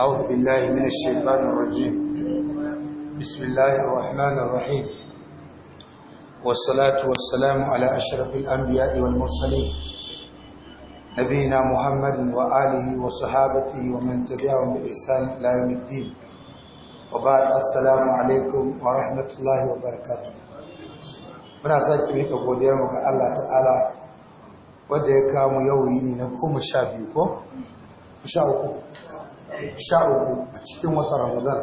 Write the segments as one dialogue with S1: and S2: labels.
S1: أعوذ بالله من الشيطان الرجيم بسم الله الرحمن الرحيم والصلاة والسلام على أشرف الأنبياء والمرسلين نبينا محمد وآله وصحابته ومن تبعهم بإحسان إلى يوم الدين وبعد السلام عليكم ورحمة الله وبركاته muna sake mika godiyar mu ga Allah ta'ala wanda ya kawo yau yini na goma sha biyu ko sha uku sha uku a cikin wata ramadan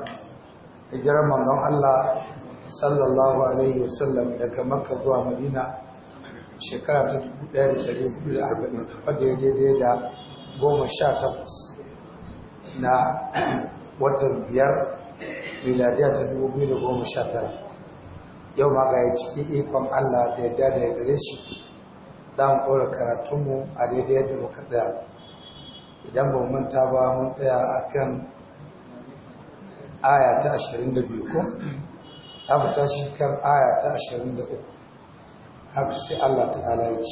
S1: a jiran mangan Allah sallallahu alaihi wasallam daga makka zuwa madina shekara ta 1440 wadda ya daidai da goma sha takwas na watan biyar miladiya ta 2019 yau ma ga ya ciki ikon Allah da ya da ya gare shi za mu ɗora karatunmu a daidai yadda muka tsaya idan ba manta ba mun tsaya akan aya ta 22 ko abu ta shi kan aya ta 23 haka sai Allah ta'ala ya ce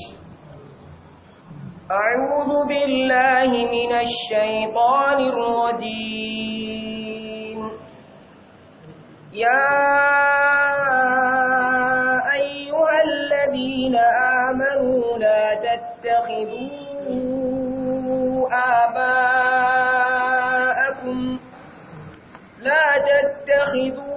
S2: أعوذ بالله من الشيطان الرجيم يا أيها الذين آمنوا لا تتخذوا آباءكم لا تتخذوا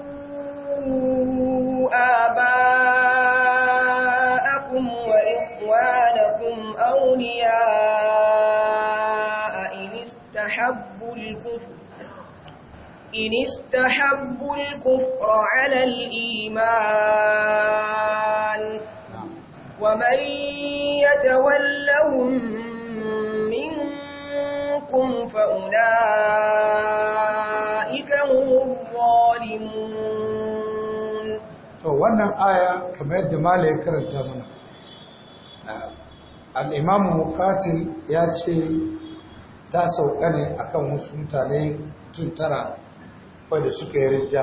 S2: آباءكم وإخوانكم أولياء إن استحبوا الكفر إن استحبوا الكفر على الإيمان ومن يتولهم ربكم فأولئك هم الظالمون
S1: to wannan aya kamar yadda mala ya karanta mana ah, al-imamu muqatil ya ce ta sauka ne akan wasu mutane tun tara wanda suka yi rijja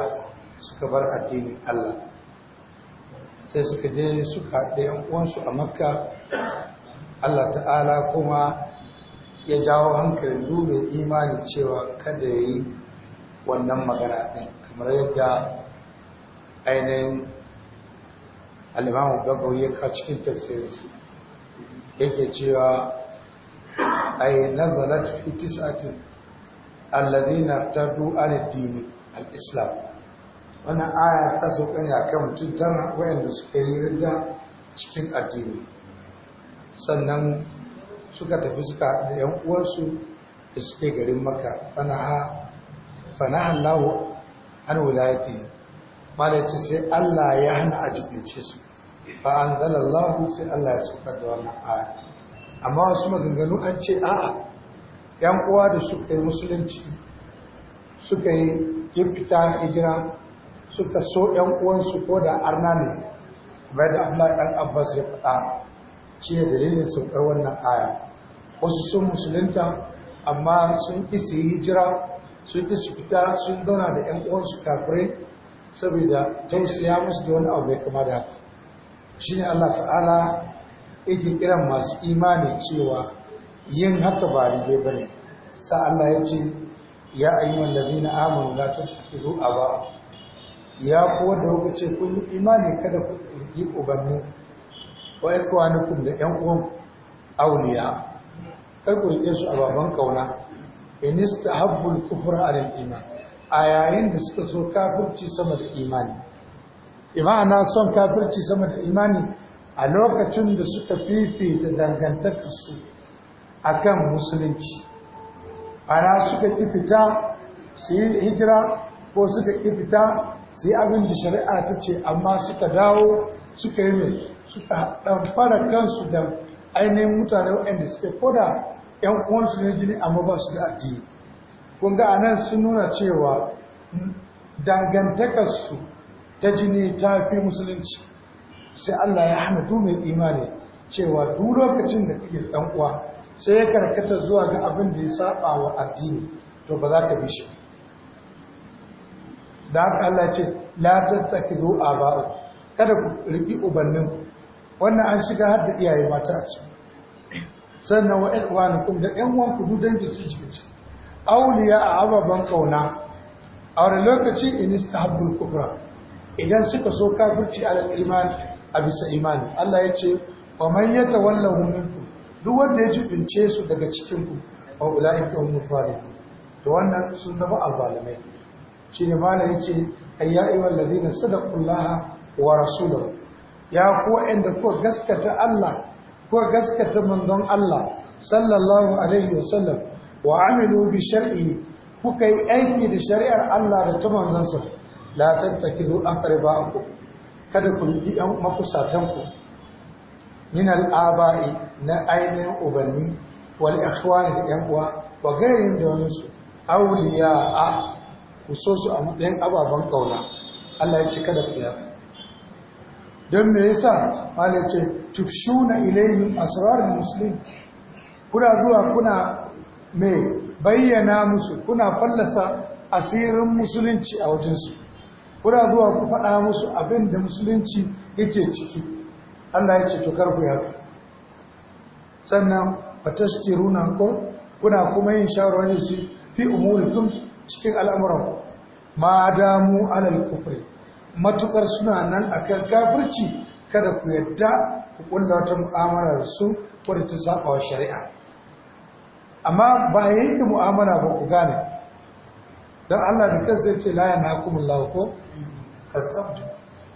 S1: suka bar addinin Allah sai suka je suka haɗe uwansu a makka Allah ta'ala kuma ya jawo hankalin dubin imani cewa kada ya yi wannan magana ɗin kamar yadda ainihin alimamu gabau ya ka cikin tafsirinsu yake cewa a yi nazarar fitis atin tardu an ad al wannan aya ta sauka ne mutum tara wayanda suka yi rida cikin addini sannan suka tafi suka da ‘yan uwansu da suke garin maka fana lahu an wulayati ce sai Allah ya hana a jibince su ba an zalallahu sai Allah ya suka da wannan aya amma wasu maganganu an ce a'a ‘yan uwa da suka yi musulunci suka yi gifta hijira suka so ‘yan uwansu ko da arna ne bai da Abdullahi ɗan Abbas ya faɗa shi ne dalilin sun ɗar wannan aya wasu sun musulunta amma sun ƙi su yi hijira sun ƙi su fita sun zauna da ‘yan uwansu kafirai saboda tausaya musu da wani abu mai kama da shi ne Allah ta'ala yake kiran masu imani cewa yin haka ba daidai ba ne sa Allah ya ce ya ayyuan ladina amanu la a ba. ya kuwa da wuka ce kun yi imani kada ku rigi ubannin kowa na ikwanukum da ƴan uwan awliya kar ku su a baban kauna in istahabbul a ala iman a yayin da suka so kafirci sama da imani imana son kafirci sama da imani a lokacin da suka fifita dangantakarsu akan musulunci ana suka ki fita su yi hijira ko suka ki fita su yi abin da shari'a ta ce amma suka dawo suka yi mai su ɗamfara kansu da ainihin mutane waɗanda suke koda ‘yan uwansu na jini a ba da addini kun ga anan sun nuna cewa dangantakarsu ta jini ta fi musulunci sai Allah ya hana du mai imani cewa duk lokacin da kake ɗan uwa sai ya karkata zuwa ga abin da ya saba wa addini to ba za ka bi shi da haka Allah ce la a ba'u, kada ku riƙi ubanninku wannan an shiga har da iyaye mata a ciki sannan wa kuma da ƴan kudu duk da sun shiga ci auliya a ababen kauna a wani lokaci in istahabbul kufra idan suka so kafirci alal iman a bisa imani Allah ya ce wa man yatawallahu minkum duk wanda ya jibince su daga cikinku. a wa ulaika hum zalimun to wannan sun zama azalimai shine mala yace ayya ayyuhal ladina sadaqullaha wa rasulahu ya ko inda ko gaskata Allah ko gaskata manzon Allah sallallahu alaihi wasallam wa amilu bi shar'i kuka yi aiki da shari'ar Allah da ta sa la tattakilu aqrabaku kada ku ji an makusatan ku min al-aba'i na ainihin ubanni wal ikhwani da yan uwa wa gairin da wani su a, ku so su a matsayin ababen kauna Allah ya ci kada ku yaka don me ya yasa malace tufshuna ilayhim asrar musulun kuna zuwa kuna mai bayyana musu kuna fallasa asirin musulunci a wajensu kuna zuwa ku faɗa musu abin da musulunci yake ciki Allah ya ce to karku ya sannan fatashkiruna ko kuna kuma yin shawarwari su fi umurikum cikin al'amuran ma damu alal kufri matukar suna nan a kan kafirci kada ku yadda ku kulla wata mu'amala da su wadda ta saba wa shari'a amma ba yi mu'amala ba ku gane don Allah da kansa ya ce la na ko lauko abdu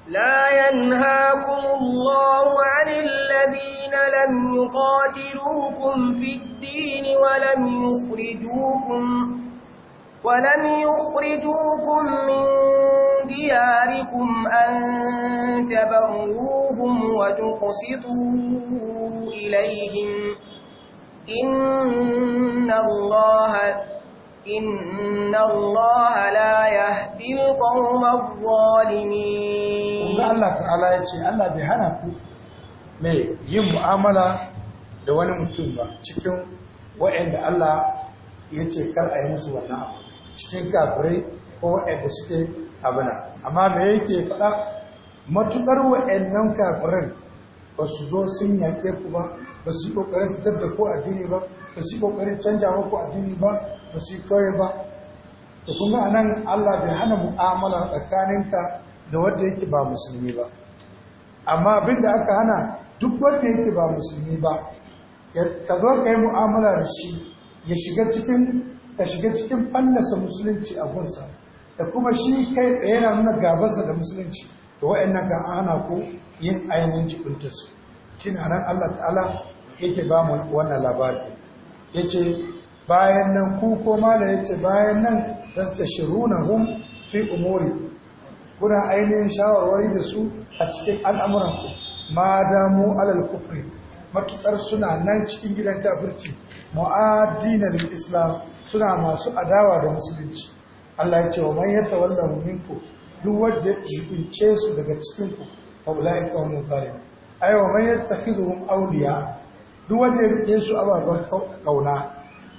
S2: لا ينهاكم الله عن الذين لم يقاتلوكم في الدين ولم يخرجوكم ولم يخرجوكم من دياركم أن تبروهم وتقسطوا إليهم إن الله إن الله لا يهدي القوم الظالمين
S1: الله تعالى يقول الله بهنكم mai yin mu'amala da wani mutum ba cikin waɗanda Allah ya ce kar a yi musu wannan abu cikin kafirai ko waɗanda suke abuna amma da yake faɗa matuƙar waɗannan kafirin ba su zo sun yaƙe ku ba ba su yi ƙoƙarin fitar da ko addini ba ba su yi ƙoƙarin canja muku addini ba ba su yi kawai ba da kuma a allah bai hana mu'amala tsakaninka da wanda yake ba musulmi ba amma abin da aka hana duk wanda yake ba musulmi ba ka zo ka yi mu'amala da shi ya shiga cikin ka shiga cikin fannasa musulunci a gunsa da kuma shi kai tsaye na nuna gabansa da musulunci da wa'annan ga ana ko yin ainihin jibintarsu shi na nan Allah ta'ala yake ba mu wannan labari ya ce bayan nan ku ko mala ya ce bayan nan ta shiru na hun fi umuri kuna ainihin shawarwari da su a cikin al'amuranku ma damu alal kufri matuƙar suna nan cikin gidan kafirci mu'addinar islam suna masu adawa da musulunci Allah ya ce wa man wallan minku duk wanda ya jibince su daga cikin ku fa ulai qawmun zalim ay wa man yattakhiduhum awliya duk wanda ya rike su ababan kauna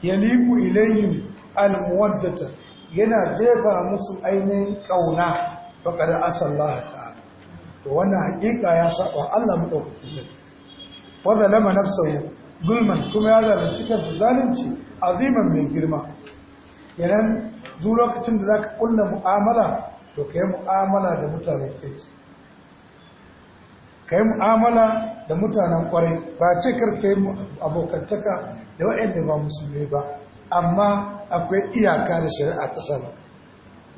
S1: yaliku ilayhim almuwaddata yana jefa musu ainihin kauna faqad asallahu ta'ala to wannan hakika ya saba Allah mutaukakin sarki wa zalama nafsahu zulman kuma ya zalunci su zalunci aziman mai girma kenan duk lokacin da za ka kunna mu'amala to ka yi mu'amala da mutanen kirki ka yi mu'amala da mutanen kwarai ba ce kai mu abokantaka da waɗanda ba musulmi ba amma akwai iyaka da shari'a ta sani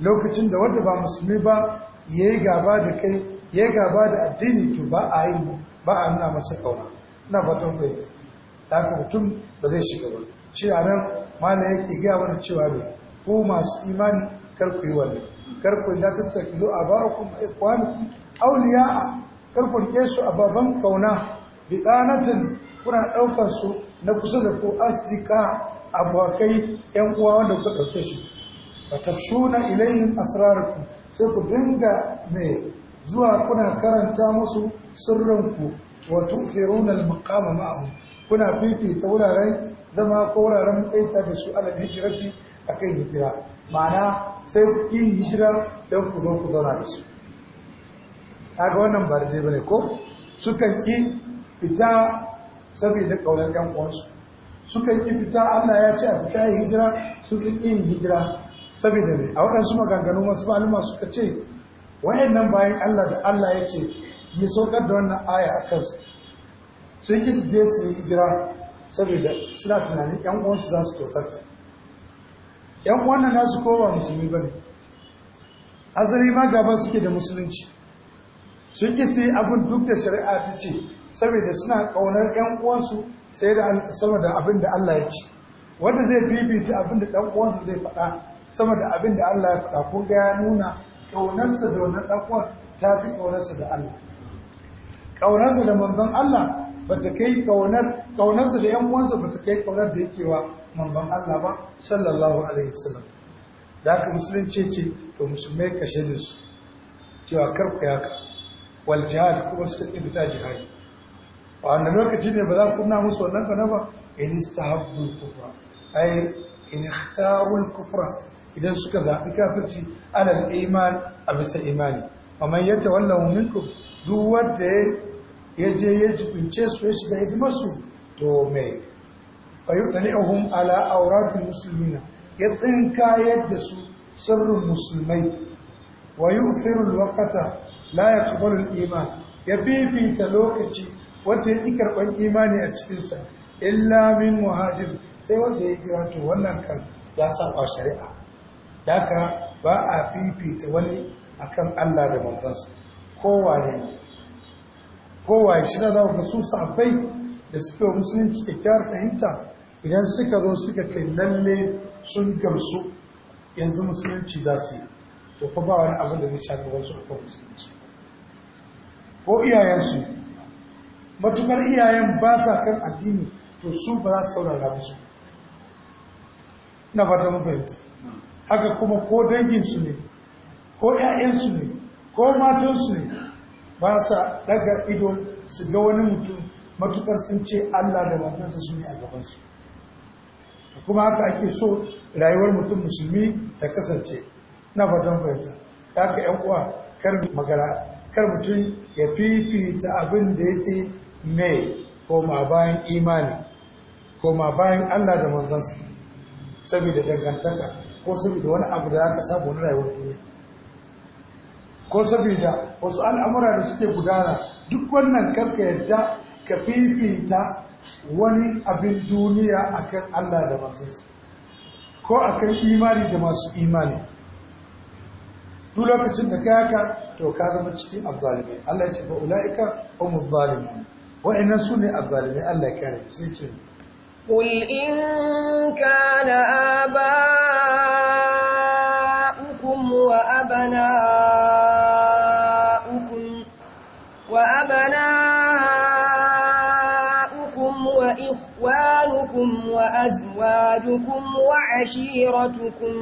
S1: lokacin da wanda ba musulmi ba ya yi gaba da kai ya yi gaba da addini to ba a yi ba a nuna masa kauna na fatan fahimta haka mutum ba zai shiga ba shi a nan mana yake gaya mana cewa ne ko masu imani karku yi wannan karku da ta tafi lo a barakun ikwani auliya a karku rike su a baban kauna bidanatin kuna ɗaukar su na kusa da ko asdika abokai yan uwa wanda kuka ɗauke shi ba tafshuna ilayhim asrarku sai ku dinga mai zuwa kuna karanta musu sirrinku wa tufiruna al-maqama ma'ahum kuna fifita wuraren zama ko wuraren tsaita da su alal hijirati akan hijira ma'ana sai ku yi hijira don ku zo ku zauna da su kaga wannan ba da bane ko sukan ki fita saboda kaunar yan uwansu sukan ki fita Allah ya ce a fita yi hijira su ki yin hijira saboda me a waɗansu maganganu masu malama suka ce wayannan bayan Allah da Allah ya ce yi saukar da wannan aya a kansu sun yi su je su yi jira saboda suna tunani yan uwansu za su kyautar yan uwan na nasu kowa musulmi ba ne azari ma gaba suke da musulunci sun yi su yi abin duk da shari'a ta ce saboda suna ƙaunar yan uwansu sai da sama da abin da Allah ya ce wanda zai bibita abin da ɗan uwansa zai faɗa sama da abin da Allah ya faɗa ko ga ya nuna ƙaunarsa da wannan ɗan uwan ta fi ƙaunarsa da Allah ƙaunarsa da manzon Allah bata kai kaunar kaunarsa da yan uwansa bata kai kaunar da yake wa manzon Allah ba sallallahu alaihi wasallam da haka musulunci ce to musulmai kashe da su cewa kar ku yaka wal jihad kuma suka ƙi fita jihadi a wannan lokaci ne ba za ku na musu wannan kana ba in istahabbu kufra ai in ikhtaru kufra idan suka zaɓi kafirci alal iman a bisa imani amma yadda wallahu minkum duk wanda ya ya je ya jibince su ya shiga hidimarsu to me fayyukani ahun ala auratun musulmina ya tsinka yadda su sirrin musulmai wa yi ufirin wakata la ya kabarin iman ya bibita lokaci wanda ya ƙi karɓar imani a cikinsa illa min muhajir sai wanda ya jira to wannan kan ya saba shari'a daga ba a fifita wani akan Allah da mantansa kowa ne kowaye shi na da sun sabai da suke wa musulunci kyakkyawar fahimta idan suka zo suka ce lalle sun gamsu yanzu musulunci za su yi to fa ba wani abin da zai shafi wasu a kan musulunci ko iyayensu matukar iyayen ba sa kan addini to su ba za su saurara musu na fata mun fahimta haka kuma ko danginsu ne ko 'ya'yansu ne ko matansu ne ba sa daga ido su ga wani mutum matukar sun ce Allah da matansa su ne a gabansu kuma haka ake so rayuwar mutum musulmi ta kasance na fatan fahimta ka yan uwa kar magana kar mutum ya fifita abin da ya yake mai koma bayan imani koma bayan Allah da manzansa saboda dangantaka ko saboda wani abu da aka samu na rayuwar duniya ko saboda wasu al'amura da suke gudana duk wannan karka yadda ka fifita wani abin duniya akan Allah da masu ko akan imani da masu imani duk lokacin da ka yaka to ka zama cikin azzalimi Allah ya ce ba ulaika humuz zalimun su sune azzalimi Allah ya kare sai ce
S2: ƙul’in ka kana أزواجكم وعشيرتكم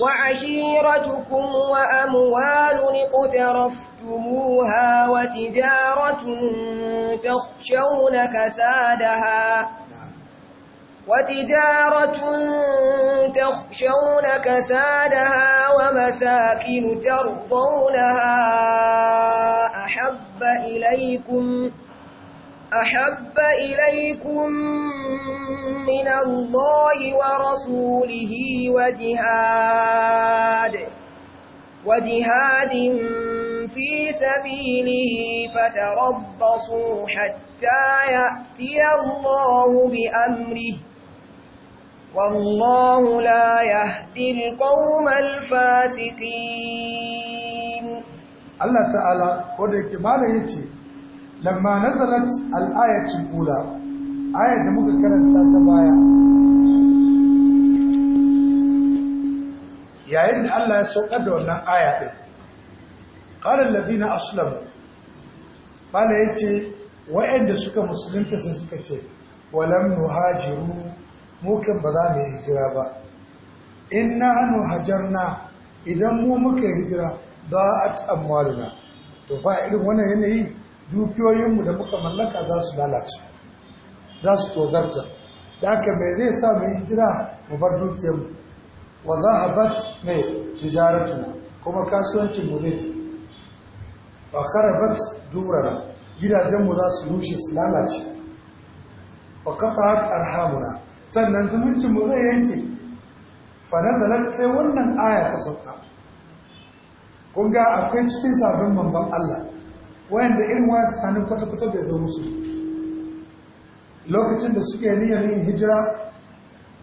S2: وعشيرتكم وأموال اقترفتموها وتجارة تخشون كسادها وتجارة تخشون كسادها ومساكن ترضونها أحب إليكم أحب إليكم من الله ورسوله وجهاد وجهاد في سبيله فتربصوا حتى يأتي الله بأمره والله لا يهدي القوم الفاسقين
S1: الله تعالى قد يكي ماذا يتي lamma nazalat al-ayatul ula ayat da muka karanta ta baya yayin da Allah ya saukar da wannan aya din qala alladhina aslamu bala ce, wa'anda suka musulunta sai suka ce walam nuhajiru mu kan ba za mu hijira ba inna hanu na, idan mu muka hijira da'at amwaluna to fa irin wannan yanayi dukiyoyinmu da muka mallaka za su lalace za su tozarta da aka mai zai sa mu hijira mu bar dukiyarmu wa za a bat mai tijaratuna kuma kasuwancin mu ne. ba bat durana gidajenmu za su rushe su lalace ba kafa arhamuna sannan zumuncinmu zai yanke Fana da sai wannan aya ta sauka kun ga akwai cikin sabon manzon Allah wayanda irin wani tunanin kwata-kwata ya zo musu lokacin da suke niyyar yin hijira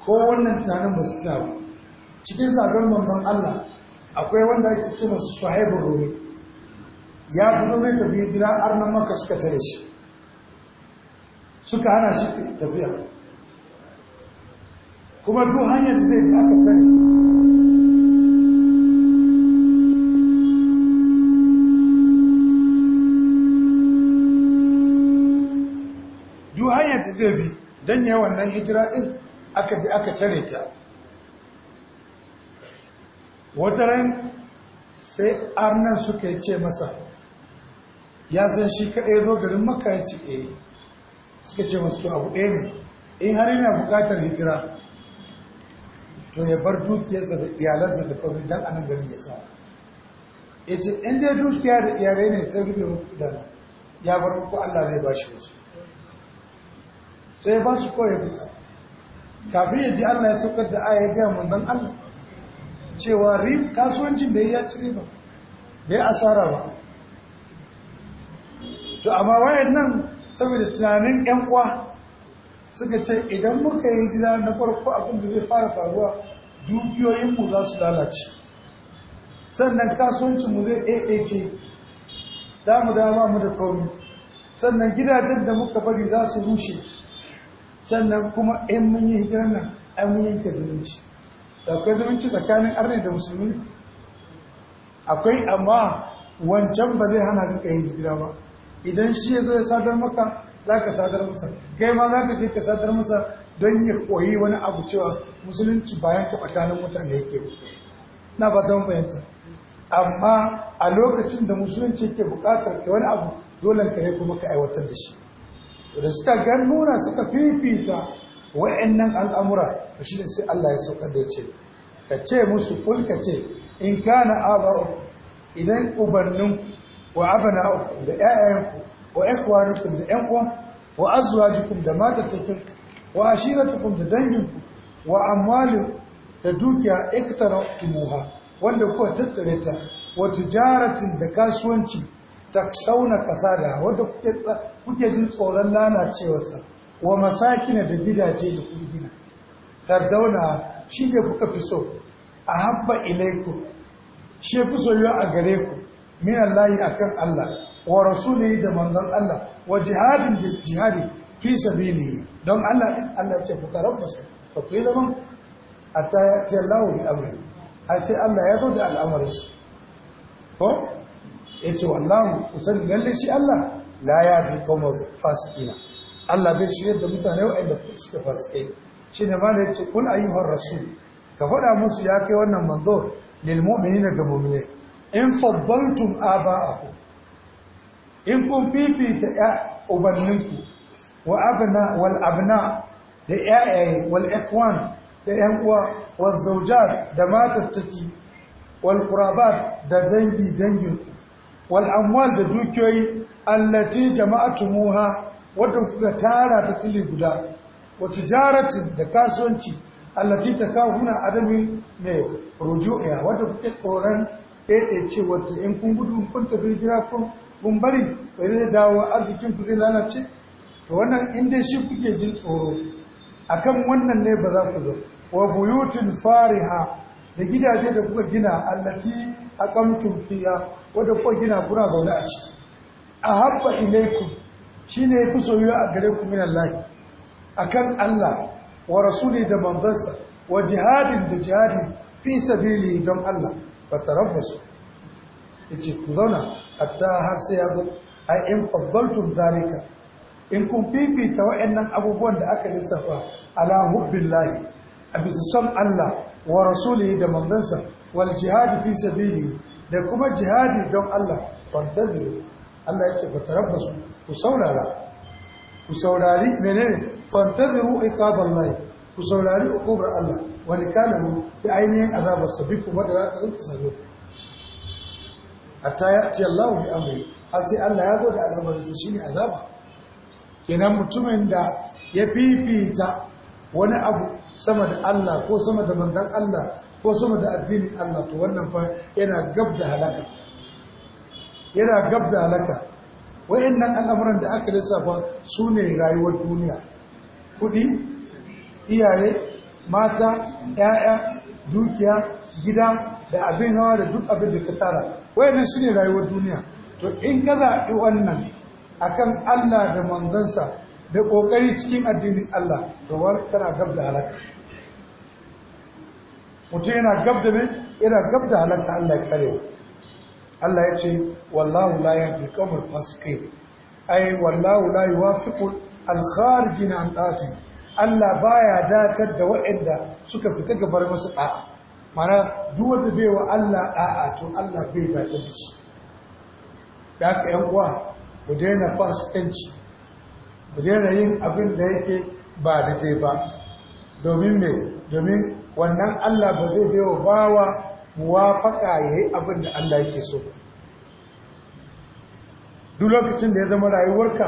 S1: ko wannan tunanin ba su tuna cikin sabon manzon Allah akwai wanda ake ce masu shuhaibu rumi ya fi zai tafi hijira arnan maka suka tare shi suka hana shi tafiya kuma duk hanyar da zai bi aka tare zai bi don yi wannan hijira ɗin aka bi aka tare ta wata ran sai arnan suka yi ce masa ya san shi kaɗai zo garin maka ya ce eh, suka ce masu to abu ɗaya ne in har yana buƙatar hijira to ya bar dukiyarsa da iyalarsa da kawai don anan garin ya sa ya ce inda dukiya da iyalai ne ta rufe da ya bar muku Allah zai ba shi wasu sai ba su koya kafin ya ji Allah ya saukar da aya gaya manzon Allah cewa rib kasuwancin da ya ci riba bai asara ba to amma wayan nan saboda tunanin yan uwa suka ce idan muka yi gida na farko abin da zai fara faruwa dubiyoyinmu za su lalace sannan kasuwancinmu zai ɗaiɗaice damu dama mu da kauri sannan gidajen da muka bari za su rushe sannan kuma in mun yi hijirar nan an mun yanke zumunci da akwai zumunci tsakanin arne da musulmi akwai amma wancan ba zai hana ka yi hijira ba idan shi ya zo ya sadar maka za ka sadar masa kai ma za ka je ka sadar masa don ya koyi wani abu cewa musulunci bayan ka tsakanin mutane yake na ba zan fahimta amma a lokacin da musulunci ke bukatar ka wani abu dole ka ne kuma ka aiwatar da shi da suka nuna suka fifita wa'annan al'amura da shi sai Allah ya saukar da ce ka ce musu kulka ce in kana aba'u idan ubanninku wa abana'ukum da 'ya'yanku. wa ikhwanukum da ƴan uwan wa azwajukum da matattakin wa ashiratukum da danginku wa amwalin da dukiya tumuha wanda kuka tattare ta wa tijaratin da kasuwanci ta sauna ƙasa da wadda kuke jin tsoron sa, wa masakina da gidaje da kuke gina tardauna shi ne kuka fi so a habba ilaiku shi fi soyuwa a gare ku min a kan Allah wa rasuli da manzon Allah wa jihadin da jihadi fi sabili don Allah ɗin Allah ce kuka karabbasa to ku zaman a ya yi sai Allah ya zo da al'amarin ko ya ce wallahu kusan lalle shi Allah la ya fi kawar fasikina Allah bai shirya da mutane waɗanda suka fasikai shi ne ma da ya ce kun ayyuhar rasul ka faɗa musu ya kai wannan manzo lil mu'mini daga mu'mini in faddaltum aba'akum in kun fifita ya ubanninku wa abna wal abna da yayaye wal ikhwan da yan uwa wal zawjat da matattaki wal qurabat da dangi danginku wal da dukiyoyi allati muha wadda kuka tara ta tili guda Wata jaratin da kasuwanci allati takawuna adami ne ruju'a wadda kuke tsoron ɗaiɗe ce wadda in kun gudu kun tafi gida kun kun bari bai zai dawo arzikin ku zai lalace to wannan inda shi kuke jin tsoro akan wannan ne ba za ku zo wa buyutin fariha da gidaje da kuka gina allati aqamtum fiya. wata kogina kuna zaune a ciki a haɓɓa ilaikum shi ne fi soyuwa a gare ku minan layi a kan Allah wa rasuli da manzansa wa jihadin da jihadin fi sabili don Allah ba ta rabbasu ya ce ku zauna hatta har sai ya zo a in faddaltun zalika in kun fifita wa'annan abubuwan da aka lissafa ala hubbin layi a bisa son Allah wa rasuli da manzansa wal jihadi fi sabili da kuma jihadi don Allah fantazir Allah yake ba tarabbasu ku saurara ku saurari menene fantaziru iqaballahi ku saurari uqubar Allah wani kalamu da ainihin azabar kuma da za ta zanta sabo hatta ya ce Allah bi amri har sai Allah ya zo da azabar shi shine azaba kenan mutumin da ya fifita wani abu sama da Allah ko sama da manzon Allah ko sama da addinin Allah to wannan fa yana gab da halaka yana gab da halaka wayannan al'amuran da aka lissafa su ne rayuwar duniya Kuɗi, iyaye mata yaya dukiya gida da abin hawa da duk abin da ka tara wayannan su ne rayuwar duniya to in ka zaɓi wannan akan Allah da manzansa da ƙoƙari cikin addinin Allah to wani tana gab da halaka mutum yana gab da min yana gab da halatta Allah ya karewa Allah ya ce wallahu la yahdi kamar faske ai wallahu la yuwafiqu al gina an dati Allah baya datar da waɗanda suka fita gabar musu ɗa'a, mana duk wanda bai wa Allah ɗa'a to Allah bai datar da shi da ka yan uwa ku daina fasikanci ku daina yin abin da yake ba da ba domin me domin wannan Allah ba zai bai wa bawa muwafaka ya yi abin da Allah yake so duk lokacin da ya zama rayuwarka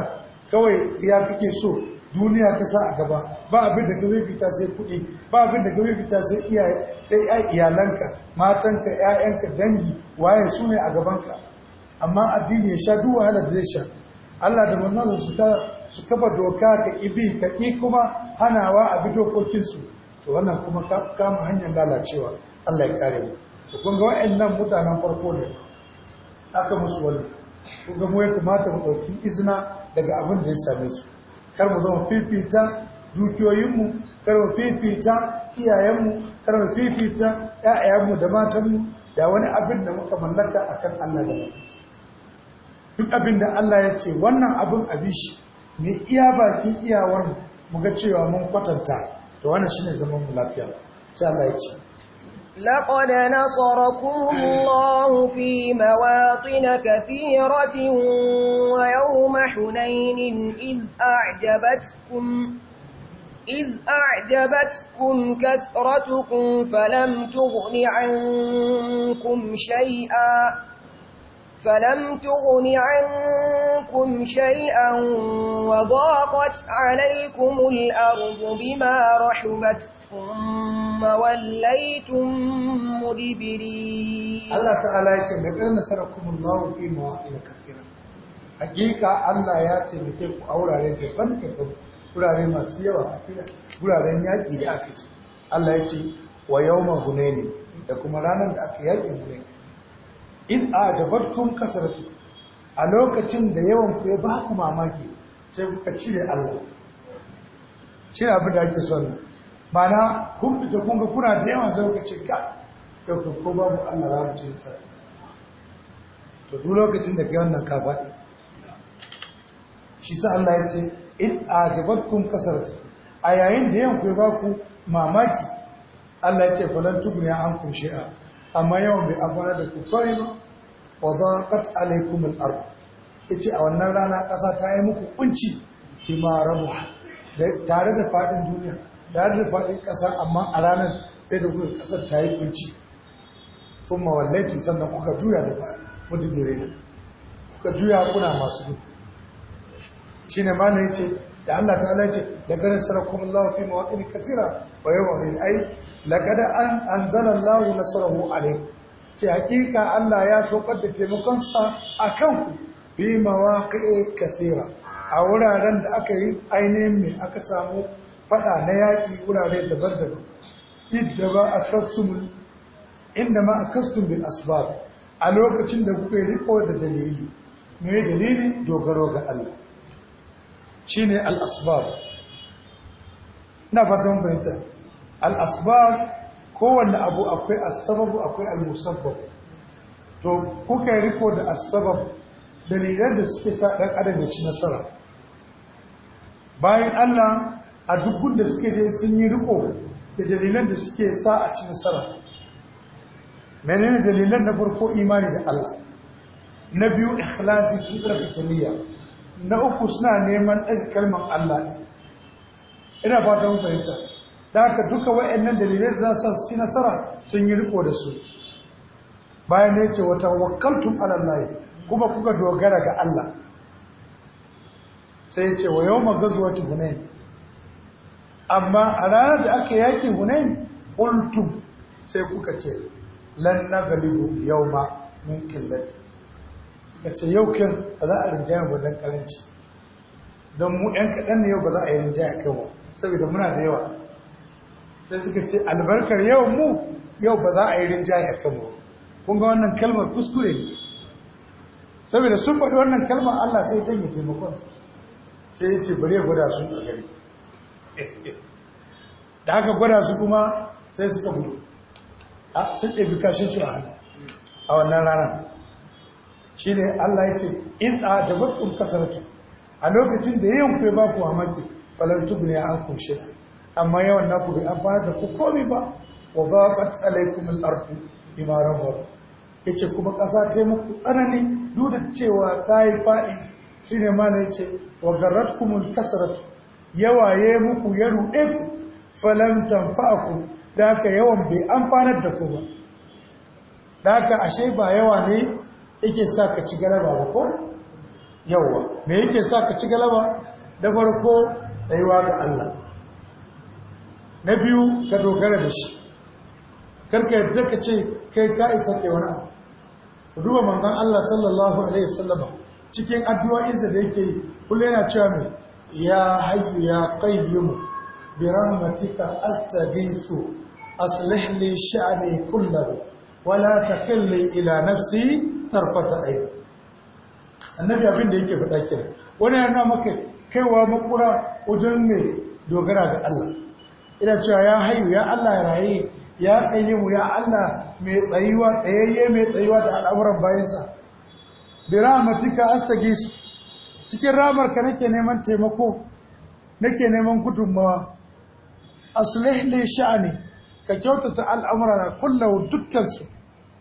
S1: kawai ya kake so duniya ta sa a gaba ba abin da kawai fita sai kuɗi ba abin da kawai fita sai iyaye sai iyalanka matanka 'ya'yanka, dangi waye su ne a gabanka amma addini ya sha duk wahalar da zai sha Allah da wannan su kafa doka ka ibi ka ki kuma hanawa a bi dokokin to wannan kuma ta kama hanyar lalacewa Allah ya kare mu to kun ga wayannan mutanen farko ne aka musu wani, kun ga mu ya kamata mu dauki izina daga abin da ya same su kar mu zama fifita dukiyoyinmu kar mu fifita iyayenmu kar mu fifita mu da matanmu da wani abin da muka mallaka akan Allah da mutunci duk abin da Allah ya ce wannan abin abishi mai iya bakin iyawar mu ga cewa mun kwatanta لقد
S2: نصركم الله في مواطن كثيرة ويوم حنين إذ أعجبتكم إذ أعجبتكم كثرتكم فلم تغن عنكم شيئا فلم تغن عنكم شيئا وضاقت عليكم الأرض بما رحبت ثم وليتم مدبرين
S1: الله تعالى يقول لقد نصركم الله في مواطن كثيرة حقيقة الله يأتي بكيف أولا لدفن كثير wurare masu yawa wuraren yaƙi da aka ce Allah ya ce wa yau hunayni da kuma ranar da aka yaƙi hunayni in a ajabatkum tu, a lokacin da yawan ku ya ba ku mamaki sai kuka cire Allah cire abin da ake son nan mana kun fita kun ga kuna da yawan sai ka ce ka yau ko mu Allah za mu cire sa to duk lokacin da kai wannan ka faɗi shi ta Allah ya ce in a ajabatkum tu, a yayin da yawan ku ya ba ku mamaki Allah ya ce falan ya an kun shi'a amma yawan bai amfana da ku kawai ba wa zaqat alaikum al ya ce a wannan rana ƙasa ta yi muku kunci ma rabu tare da fadin duniya tare da fadin ƙasa amma a ranar sai da kuka ƙasar ta yi kunci sun mawallaitu sannan kuka juya da baya mutum da ne kuka juya kuna masu gudu shi ne na ya ce da Allah ta ala ce da sarakun allah fi mawaƙin kasira wa yawma bil ay laqad an anzala na Sarahu alayk ce hakika Allah ya saukar da taimakon sa akan Bimawa mawaqi'i kaseera a wuraren da aka yi ainihin mai aka samu faɗa na yaƙi wurare daban-daban da ba a kastumin inda ma a kastumin asbab a lokacin da kuka riko da dalili mai dalili dogaro ga Allah shine al asbab na fatan fahimta al’asbar kowane kowanne abu akwai a sababu akwai al-musabbab to kuka riko da as dalilan da suke sa ɗan adam ya ci nasara bayan Allah a dukkan da suke dai sun yi riko da dalilan da suke sa a ci nasara menene dalilan na farko imani da Allah na biyu ikhlasi fi na uku suna neman ɗaga kalmar Allah ne ina fatan fahimta da haka duka wa'annan dalilai da za su ci nasara sun yi riko da su bayan ne ce wata wakaltun alallahi kuma kuka dogara ga Allah sai ya ce wa yau wata hunayin amma a ranar da aka yaki hunayin ƙultum sai kuka ce lan na galibu yau ma min killati suka ce yau kin ba za a rinjaya wa don karanci don mu ɗan kaɗan ne yau ba za a yi rinjaya kai ba saboda muna da yawa sai suka ce albarkar yawan mu yau ba za a yi rinja a mu. kun ga wannan kalmar kuskure ne saboda sun faɗi wannan kalmar Allah sai ta yi taimakon sai ya ce bare gwada su a gari da aka gwada su kuma sai suka gudu a sun ɗabi kashin su a hannu a wannan rana. shi ne Allah ya ce in a jabatun kasarci a lokacin da yayin kai ba ku mamaki falar ne an kun amma yawan naku bai amfana da ku komi ba wa zaqat alaikum al imaran bima Ya ce kuma ƙasa ta yi muku tsanani duda cewa ta yi faɗi ne ma ne ce, wa garratkum yawa kasratu yawaye muku ya ruɗe ku falan ku, da ka yawan bai amfanar da ku ba da ka ashe ba yawa ne yake sa ka ci galaba ba ko yawa me yake sa ka ci galaba da farko tsayuwa ga Allah na biyu ka dogara da shi karka yadda ka ce kai ka isa ke wani abu duba mangan Allah sallallahu alaihi wasallama cikin addu'o'insa da yake yi kullu yana cewa mai ya hayyu ya mu bi rahmatika astaghiithu aslih li sha'ni kullahu wa la takilni ila nafsi tarfata ayn annabi abin da yake faɗa wani wani yana maka kaiwa makura wajen mai dogara ga Allah ina cewa ya hayu ya Allah ya raye ya mu ya Allah mai tsayuwa tsayayye mai tsayuwa da al'amuran bayansa bi rahmatika astagis cikin ka nake neman taimako nake neman gudunmawa aslih li sha'ani ka kyautata al'amurana kullahu dukkan su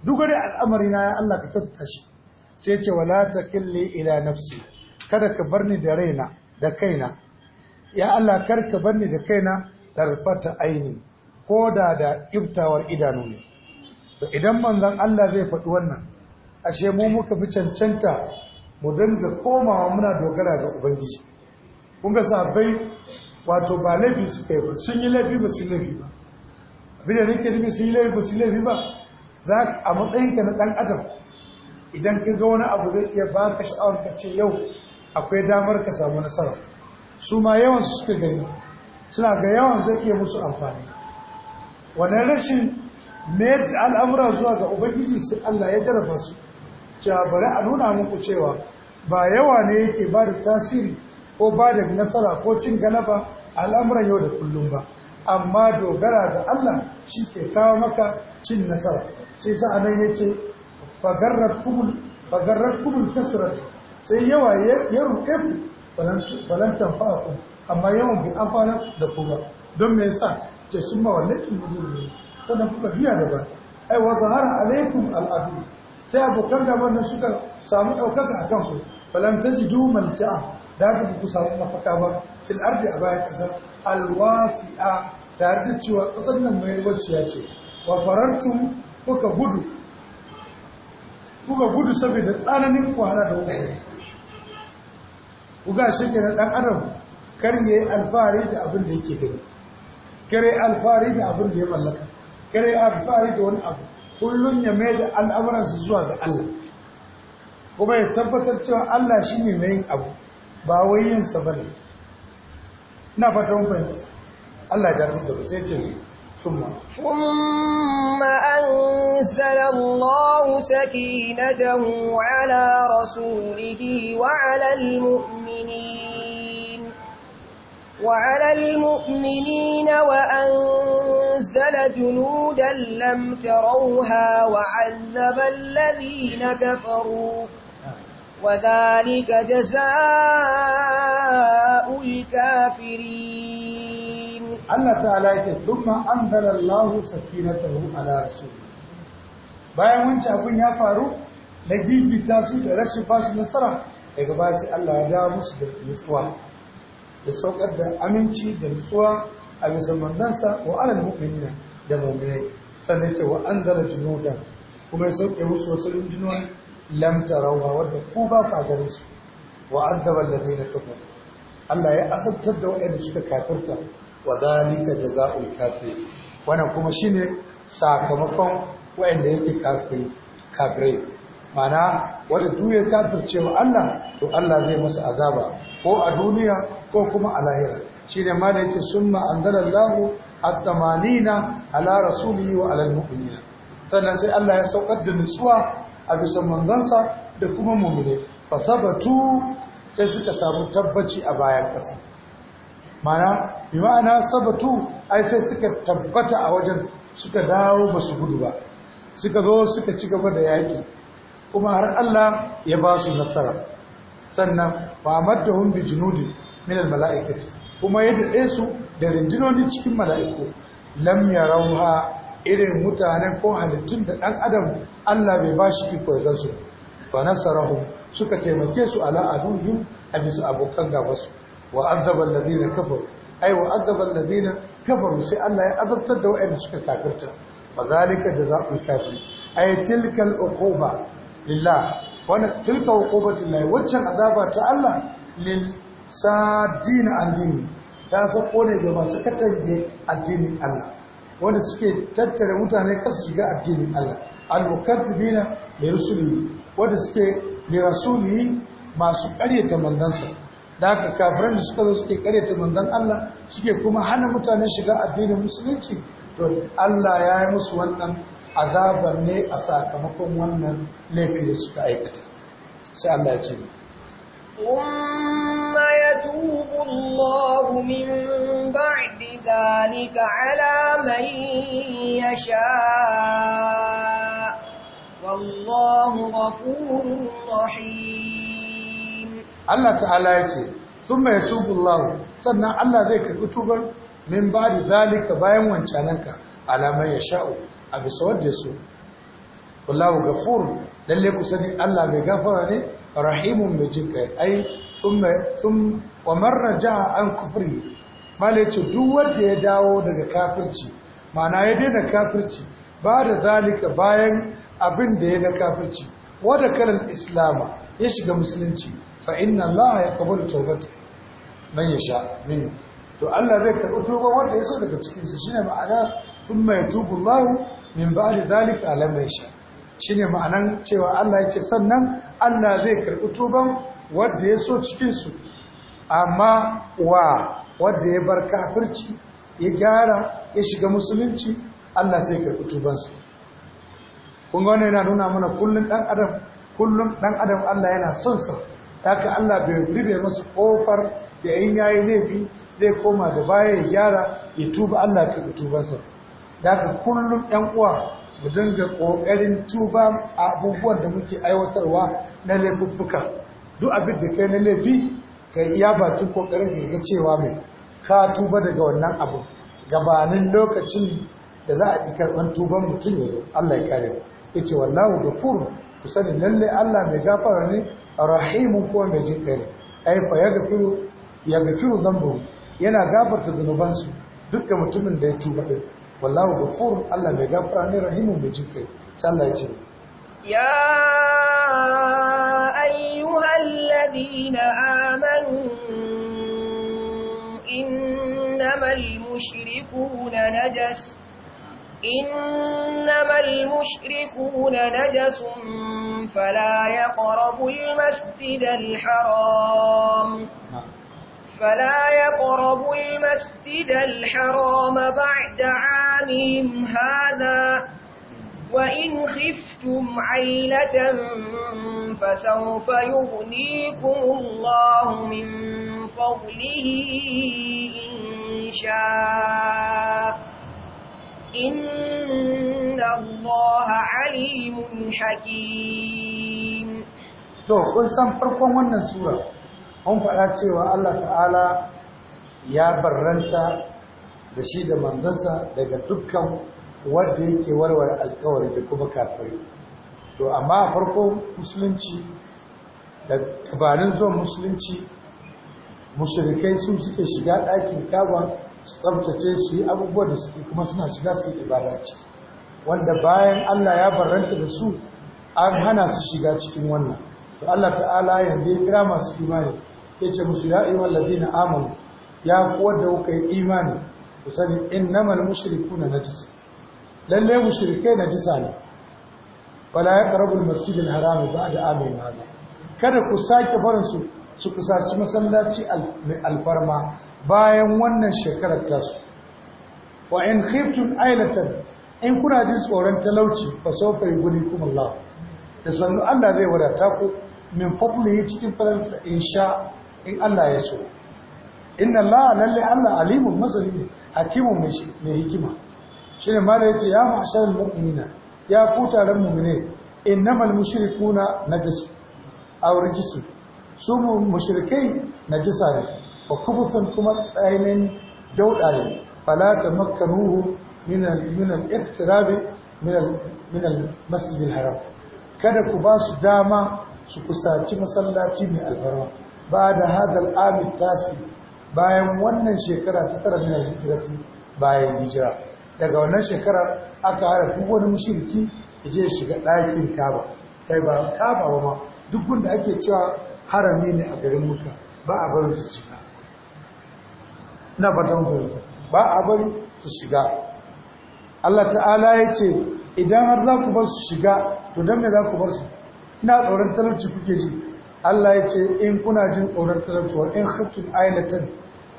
S1: duk wani al'amari na ya Allah ka kyautata shi sai ce wala takilli ila nafsi kada ka barni da raina da kaina ya Allah karka banni da kaina darfata aini ko da da kiftawar idanu ne to idan manzon Allah zai faɗi wannan ashe mu muka fi cancanta mu dinga komawa muna dogara ga ubangiji kun ga sabai wato ba laifi su yi ba sun yi laifi ba su laifi ba abin da nake nufi sun yi laifi ba su laifi ba za a matsayinka na ɗan adam idan kin ga wani abu zai iya baka sha'awar ka ce yau akwai damar ka samu nasara su ma yawan su suka gani suna ga yawan zai iya musu amfani wannan rashin mayar da al'amura zuwa ga ubangiji su Allah ya jarafa su jabari a nuna muku cewa ba yawa ne yake ba da tasiri ko ba da nasara ko cin galaba al'amuran yau da kullum ba amma dogara da Allah shi ke kawo maka cin nasara sai sa'anan ya ce fagarrar kumul fagarrar sai yawa ya ruɗe ku balantan fa'akun amma yawan bai amfana da kuma don mai sa ce sun ma wallakin sannan kuka juya da ba ai wa zahara alaikum al'adu sai abokan da wannan suka samu ɗaukaka a kanku balantan ji duman ta'a da haka ku samu mafaka ba fil ardi a bayan ƙasa alwasi'a tare da cewa ƙasar nan mai wacciya ce wa farantun kuka gudu kuka gudu saboda tsananin kwana da wuka kuka shi ke na ɗan adam kar ya yi alfahari da abin da yake gani kar ya alfahari da abin da ya mallaka kar ya alfahari da wani abu kullum ya mai da al'amuransu zuwa ga Allah kuma ya tabbatar cewa Allah shi ne mai abu ba wai yin sa ne. na fatan fahimta Allah ya dace sai ce ثم
S2: ثم أنزل الله سكينته على رسوله وعلى المؤمنين وعلى المؤمنين وأنزل جنودا لم تروها وعذب الذين كفروا وذلك جزاء الكافرين
S1: Allah ta'ala ya ce thumma anzalallahu sakinatahu ala rasul bayan wancan abun ya faru na gigita su da rashin basu nasara daga ba Allah ya dawo musu da nutsuwa da saukar da aminci da nutsuwa a bisa mandansa wa alal mu'minina da mu'minai sannan ce wa anzala junudan kuma ya sauke musu wasu rundunoyi lam tarawha wadda ku ba ka ganin su wa azaba alladhina kafaru Allah ya azabtar da waɗanda suka kafirta wa zalika jazaa'ul wannan kuma shine sakamakon wanda yake kafiri mana wanda duk ya kafirce wa Allah to Allah zai masa azaba ko a duniya ko kuma a lahira shine ma da yake summa anzalallahu at-tamanina ala rasulihi wa ala al sannan sai Allah ya saukar da nutsuwa a bisa manzansa da kuma mu'mine sabatu sai suka samu tabbaci a bayan ƙasa mana bi ma'ana sabatu ai sai suka tabbata a wajen suka dawo ba su gudu ba suka zo suka ci gaba da yaƙi kuma har Allah ya ba su nasara sannan ba madda hun bi junudi min al mala'ikati kuma ya daɗe su da rindinoni cikin mala'iku lam yarawha irin mutanen ko halittun da ɗan adam Allah bai ba shi iko ya su fa nasarahu suka taimake su ala aduhum a bisa abokan gabasu wa azaba alladhina kafaru ay wa azaba alladhina kafaru sai Allah ya azabtar da wa'anda suka kafirta bazalika zalika jazaa'ul kafirin ay tilka al'uquba lillah wannan tilka uqubatu lillah waccan azaba ta Allah lil sadin andini ta sako ne ga masu katange addinin Allah wanda suke tattare mutane kar su shiga addinin Allah al-mukaththibina li rusuli wanda suke li rasuli masu ƙaryata Mandansa. da haka kafiran da suka zo suke ta manzon Allah suke kuma hana mutane shiga addinin musulunci to Allah ya yi musu wannan azabar ne a sakamakon wannan laifi da suka aikata sai Allah ya ce
S2: ثم يتوب الله من بعد ذلك على من يشاء والله غفور rahim
S1: Allah ta'ala ya ce sun mai tubullahu sannan Allah zai karɓi tubar min ba da zalika bayan wancananka alamai ya sha'u a bisa wadda su ga furu lalle ku sani Allah mai gafara ne rahimun mai kai ai sun wa marra an kufri mala ce duk wanda ya dawo daga kafirci mana ya daina kafirci ba da zalika bayan abin da ya na kafirci wadda kalar islama ya shiga musulunci fa inna Allah ya qabul tawbata man to Allah zai karɓi tuban wanda ya so daga cikin su shine ma'ana thumma yatubu Allah min ba'di dhalika ala man yasha shine ma'anan cewa Allah yace sannan Allah zai karɓi tuban wanda ya so cikin su amma wa wanda ya bar kafirci ya gyara ya shiga musulunci Allah zai karɓi tubansa kun ga wannan yana nuna mana kullum ɗan adam adam Allah yana son sa haka Allah bai rufe masu ƙofar da yin yayi laifi zai koma da baya ya gyara ya tuba Allah ka tubansa da haka kullum ɗan uwa mu dinga ƙoƙarin tuba a abubuwan da muke aiwatarwa na laifuffuka duk abin da kai na laifi ka iya bakin ƙoƙarin ka ga cewa mai ka tuba daga wannan abu gabanin lokacin da za a ƙi karɓar tuban mutum ya zo Allah ya kare ya ce wallahu gafuru ku sani lalle Allah mai gafara ne rahimun ko mai jin kai ai fa ya gafiru ya gafiru zambu yana gafarta zunubansu duk da mutumin da ya tuba din wallahu ghafur Allah mai gafara ne rahimun mai jin kai ya ce
S2: ya ayyuhal na amanu innamal mushrikuuna najas إنما المشركون نجس فلا يقربوا المسجد الحرام فلا يقربوا المسجد الحرام بعد عامهم هذا وإن خفتم عيلة فسوف يغنيكم الله من فضله إن شاء إن
S1: to kun san farkon wannan sura an faɗa cewa Allah ta'ala ya barranta da shi da manzansa daga dukkan wanda yake warware alkawari da kuma kafiri to amma farkon musulunci da gabanin zuwan musulunci mushrikai su suke shiga ɗakin kaba tsabtace su yi abubuwa da suke kuma suna shiga su yi wanda bayan Allah ya barranta da su an hana su shiga cikin wannan to Allah ta'ala yanzu ya kira masu imani ya ce musu ya ayyuhal ladina amanu ya kuwa da kuka yi imani ku sani innamal mushrikuna najis lalle mushrike najisa ne wala yaqrabu al-masjid harami haram ba'da amin hada kada ku sake barin su su kusaci masallaci mai alfarma bayan wannan shekarar tasu wa in khiftum ailatan in kuna jin tsoron talauci fa sawfa yughnikum Allah da sannu Allah zai wadata ku min fadlihi cikin in insha in Allah ya so inna Allah lalle Allah alimun masani hakimun mai hikima shine mala yace ya ma'sharul mu'minina ya ku taron mu'mine innamal mushrikuna A aw jisu su mushrikai najisa ne wa kubusun kuma ainihin dauɗa falata makkanuhu min al-iftirabi min al-masjid al-haram kada ku ba su dama su kusaci masallaci mai alfarma ba da hadal amin tasi bayan wannan shekara ta tara min al-hijrati bayan hijira daga wannan shekara aka hada duk wani mushriki ya je shiga ɗakin kaba kai ba kaba ba ma duk wanda ake cewa harami ne a garin muka ba a barin su shiga Na fatan fahimta ba a bari su shiga Allah ta'ala ya ce idan har za ku bar su shiga to don me za ku bar su ina tsoron talauci kuke ji Allah ya ce in kuna jin tsoron talauci wa in khiftum ailatan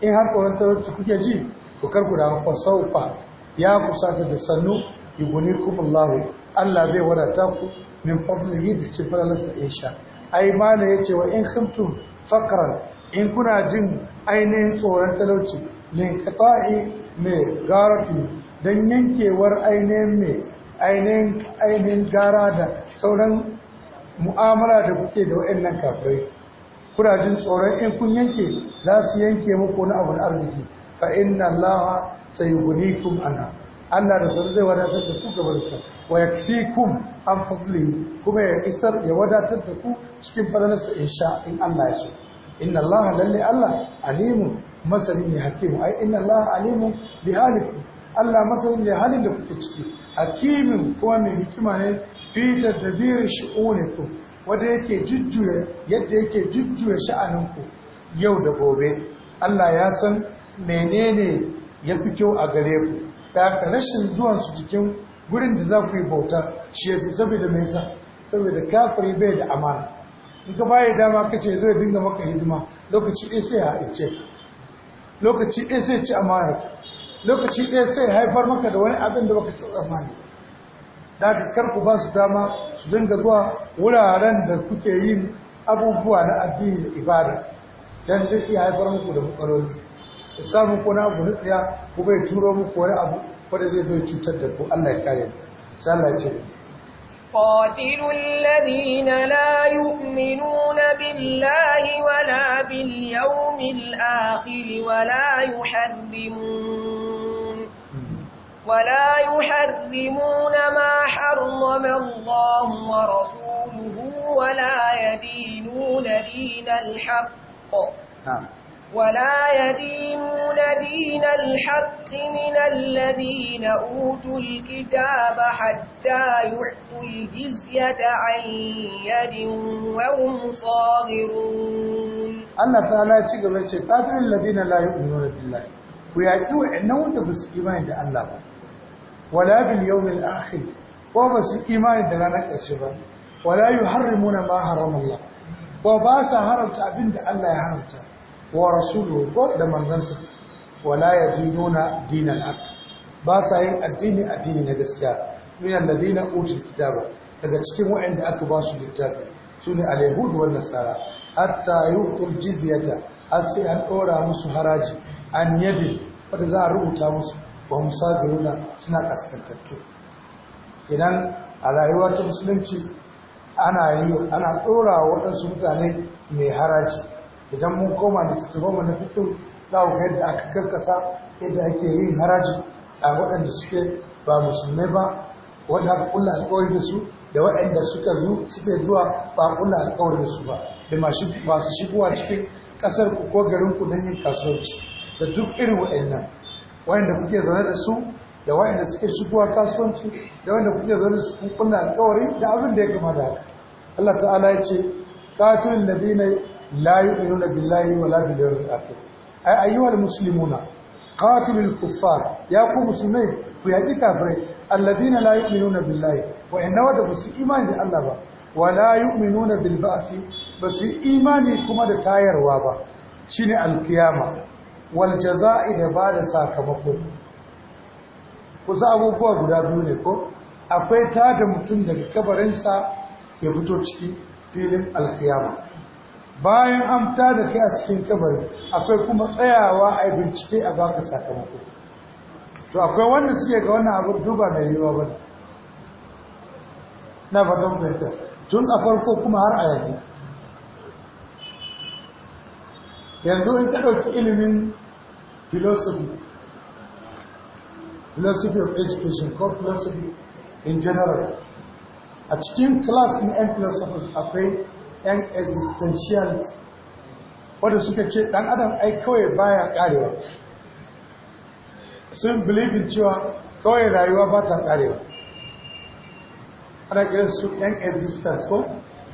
S1: in har tsoron talauci kuke ji ku kar ku da ku saufa ya kusata da sannu ku Allah Allah bai wadata ku min fadlihi da cikin falalasa insha ai ya ce wa in khiftum faqran in kuna jin ainihin tsoron talauci linkata'i mai garatu don yankewar ainihin mai ainihin ainihin gara da sauran mu'amala da kuke da wa'annan kafirai kuna jin tsoron in kun yanke za su yanke muku na abu arziki fa inna allaha sayughnikum ana Allah da sun zai wadatar da ku gaban ka wa yakfikum an fadli kuma ya isar ya wadatar da ku cikin fadalarsa insha in Allah ya so inna Allah lalle Allah alimu masani ne hakimu ai inna Allah alimu bi halikum Allah masani ne halin da kuke ciki hakimin kuma mai hikima ne fi tadbir shu'unikum wanda yake jujjuya yadda yake jujjuya sha'aninku yau da gobe Allah ya san menene ya fi kyau a gare ku da rashin zuwan su cikin gurin da za ku yi bauta shi ya fi saboda mai sa saboda kafiri bai da amana ga baya dama ka ce zai dinga maka hidima lokaci ɗaya sai ce lokaci ɗaya sai ci amara lokaci ɗaya sai haifar maka da wani abin da baka tsammani da ka karku ba su dama su dinga zuwa wuraren da kuke yin abubuwa na addini da ibada dan zai iya haifar muku da matsaloli da samun ko na abu na tsaya ko bai turo muku wani abu wanda zai zo cutar da ku Allah ya kare mu sai Allah ya ce
S2: قاتلوا الذين لا يؤمنون بالله ولا باليوم الآخر ولا يحرمون ولا يحرمون ما حرم الله ورسوله ولا يدينون دين الحق نعم ولا يدينون دين الحق من الذين أوتوا الكتاب حتى يحطوا الجزية عن يد وهم صاغرون
S1: الله تعالى يتشكر الشيطان الذين لا يؤمنون بالله ويأتوا عنهم تبس إيمان الله ولا باليوم الآخر وبس إيمان دلانك الشباب ولا يحرمون ما حرم الله وباس حرمت أبند الله يحرمته wa rasuluhu ko da manzansa wala yadinuna dinal haqq ba sa yin addini addini na gaskiya min alladina utul kitaba daga cikin waɗanda aka ba su littafi sune alyahud wal nasara hatta yu'tul jizyata har an ɗora musu haraji an yadi wanda za a rubuta musu ba wa musagiruna suna kaskantattu idan a rayuwa ta musulunci ana yi ana ɗora waɗansu mutane mai haraji idan mun koma da tattabanmu mana fito za ku yadda aka karkasa yadda ake yin haraji a waɗanda suke ba musulmai ba wadda aka kulla alkawari da su da waɗanda suka zu suke zuwa ba kulla alkawari da su ba da masu shigowa cikin ƙasar ku ko garin ku don yin kasuwanci da duk irin waɗannan waɗanda kuke zaune da su da waɗanda suke shigowa kasuwanci da waɗanda kuke zaune da su kun kulla alkawari da abin da ya gama da haka Allah ta'ala ya ce qatilul ladina la yu'minuna billahi wa la bil yawmil akhir ay ayyuhal muslimuna qatilul kuffar ya ku musulmai ku yaki kafirai alladina la yu'minuna billahi wa inna wa da su imani Allah ba wa la yu'minuna bil ba'si basu imani kuma da tayarwa ba shine alkiyama iya ba da sakamako kusa abubuwa guda biyu ne ko akwai tada mutum daga kabarinsa ya fito cikin filin alkiyama bayan an ta da kai a cikin kabari akwai kuma tsayawa a bincike a baka sakamako so akwai wanda suke ga wannan abu duba mai yiwuwa ba na fadon fahimta tun a farko kuma har a yanzu yanzu in ta ɗauki ilimin philosophy philosophy of education ko philosophy in general a cikin class na 'yan philosophers akwai 'yan existential wadda suka ce ɗan adam ai kawai baya ƙarewa sun bilibin cewa kawai rayuwa ba ta ƙarewa ana kiran su 'yan existence ko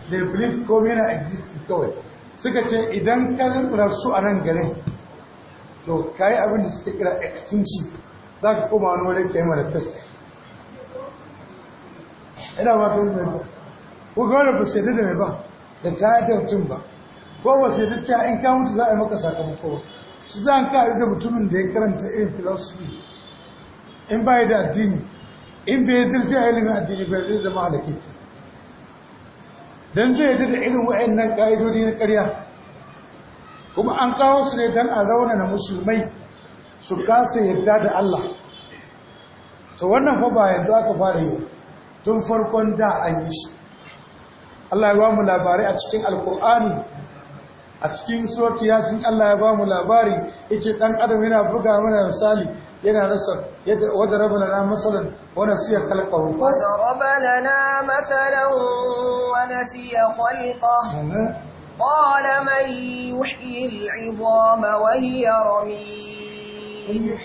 S1: they believe kome na existi kawai suka ce idan kalin rasu a nan garin to kayi abin da suka kira extinction za ka koma wani wani ka yi manifesta ina ba ta yi mai ba ko ga wani ba sai da mai ba da ta'addancin ba ko wasu yadda cewa in ka mutu za a yi maka sakamako su za a da mutumin da ya karanta irin philosophy in ba da addini in bai zirfi a ilimin addini bai zai zama halakiki don zai yadda da irin wa'in nan ƙa'idodi na ƙarya kuma an kawo su ne don a raunana musulmai su kasa yadda da Allah to wannan fa ba yanzu aka fara yi tun farkon da an yi shi Allah ya ba mu labarai a cikin alkur'ani a cikin ya yasin Allah ya ba mu labari yace dan adam yana buga mana misali yana rasa yadda wada rabana na masalan wa nasiya khalqahu
S2: wada rabana na masalan wa nasiya khalqahu قال من يحيي العظام وهي رميم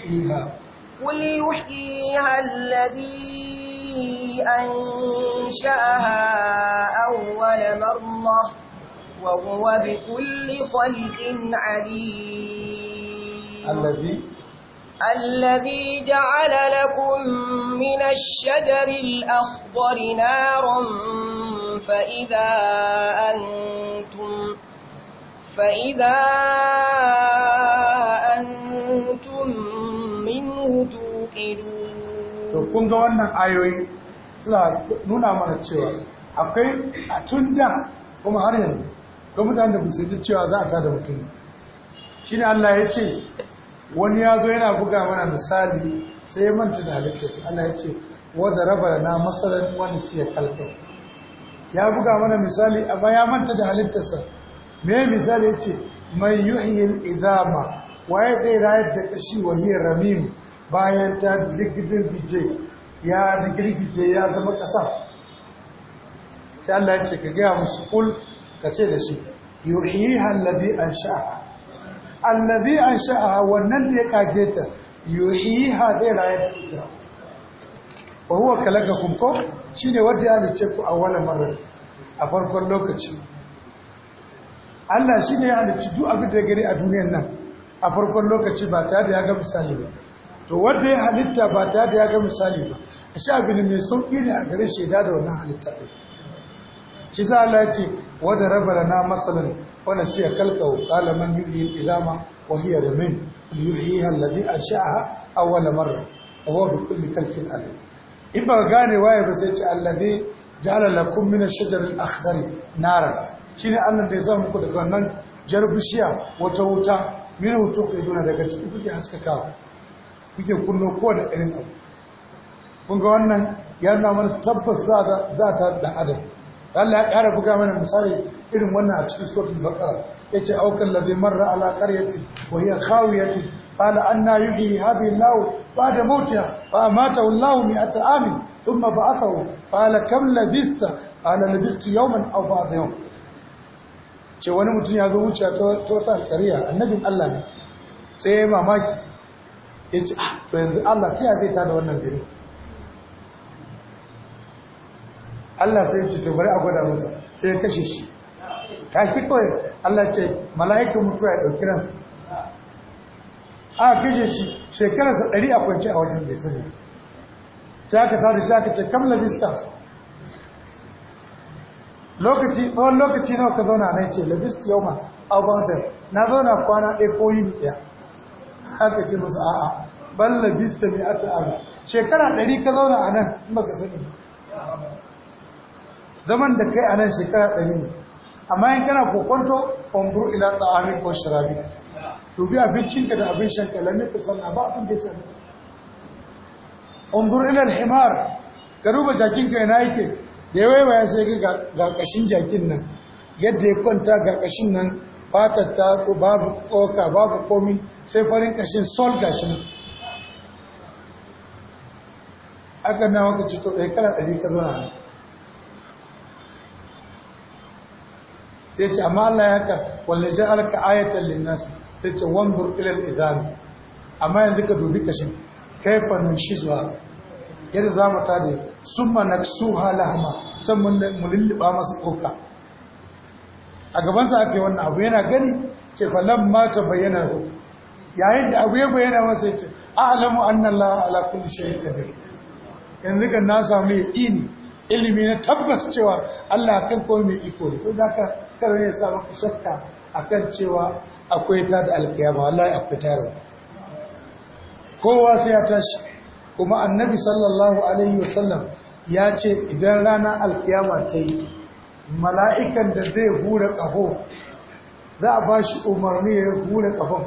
S2: قل يحييها الذي الذي أنشأها أول مرة وهو بكل خلق عليم الذي الذي جعل لكم من الشجر الأخضر نارا فإذا أنتم فإذا أنتم
S1: to kun ga wannan ayoyi suna nuna mana cewa akwai a tun da kuma har yanzu ga mutane da musulmi cewa za a ta da mutum shi ne Allah ya ce wani ya zo yana buga mana misali sai ya manta da halittarsa Allah ya ce wadda raba na masarar wani ya kalfa ya buga mana misali amma ya manta da halittarsa me misali ya ce mai yuhiyin izama waye zai rayar da kashi wahiyar ramimu bayan ta rikice ya rikice ya zama ƙasa sai Allah ya ce ka gaya musu kul ka ce da shi an sha'a ansha'a an ansha'a wannan da ya kage ta ha zai raye da ita wa huwa kalakakum ko shine wanda ya halice ku a wannan marar a farkon lokaci Allah shine ya halici duk abin da gari a duniyar nan a farkon lokaci ba tare da ya ga misali ba to wanda ya halitta ba ta da ya ga misali ba a sha abin mai sauƙi ne a garin shaida da wannan halitta ɗin shi za a ce wadda raba na matsalan wanda shi ya kalka ƙala man yuhi ilama wa hiya rumin yuhi halladi a sha'a awwala marra wa wa bi kulli kalkin alim in ba gane waye ba sai ce alladhi ja'ala lakum min ash-shajar al-akhdar nara shine Allah da ya zama ku daga wannan jarbishiya wata wuta min hutu kai daga cikin kuke haskakawa kuke kullo kowane irin abu kun ga wannan ya na mana tabbas za ta da adam Allah ya ƙara buga mana misali irin wannan a cikin suratul ya yace aukan ladhi marra ala qaryati wa hiya khawiyatu qala anna yuhyi hadhihi Allah ba'da mautiha fa amatahu Allah mi'ata amin thumma ba'athahu qala kam labista qala labistu yawman aw ba'da yau. ce wani mutum ya zo wuce ta wata alƙariya annabin Allah ne sai ya mamaki ya ce ah yanzu Allah ta zai tada wannan gari Allah sai ce to bari a gwada masa sai ya kashe shi ta ki kawai Allah ce mala'ikan mutuwa ya ɗauki ran a kashe shi sa ɗari a kwance a wajen bai sani sai aka sadu sai aka ce kamla distance lokaci tsawon lokaci nawa ka zauna nan ce labistu yau ma a na zauna kwana ɗaya ko yini ɗaya aka ce musu a'a balla bista mai ata abu shekara ɗari ka zauna a nan in baka sani zaman da kai a nan shekara ɗari ne amma in kana kokonto ƙwamburu ila tsa'amin ko shirabi to bi abincinka da abin shanka lalle ka sanna ba abin da ya sani unzur ila alhimar himar ka duba jakinka na yake da ya waiwaya sai ga ƙashin jakin nan yadda ya kwanta ga ƙashin nan fata ta babu koka babu komi sai farin kashin sol gashin aka na waka ci to ɗaya ɗari ka zo na sai ce amma Allah ya ka wanda ji alka ayatan linnas sai ce wani burkilar izami amma yanzu ka dubi kashin kai fannin shi zuwa yadda za mu ta da na su halama san mun lulluɓa masu koka. a gabansa aka yi wannan abu yana gani ce falon mata bayyana yayin da abu ya bayyana masa ya ce a'alamu annan la ala kulli shay'in qadir yanzu kan na samu yaqini ilimi na tabbas cewa Allah kan ko mai iko ne so zaka kar ne sa maka shakka akan cewa akwai ta da alkiyama wallahi akwai ta da kowa sai ya tashi kuma annabi sallallahu alaihi wasallam ya ce idan rana alkiyama ta yi mala'ikan da zai hura ƙaho za a ba shi umarni ya hura ƙafon